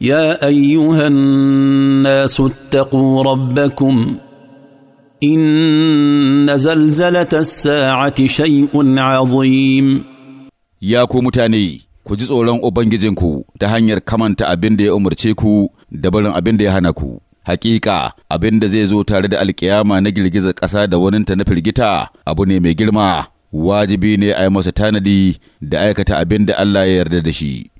يا ايها الناس اتقوا ربكم ان زلزله الساعه شيء عظيم يا كومتاني ku ji tsoron Ubangijinku ta hanyar kamanta abin da ya umarce ku da barin abin da ya hana ku. Hakika abin da zai zo tare da alkiyama na girgizar ƙasa da waninta na firgita abu ne mai girma, wajibi ne a yi masa tanadi da aikata abin da Allah ya yarda da shi.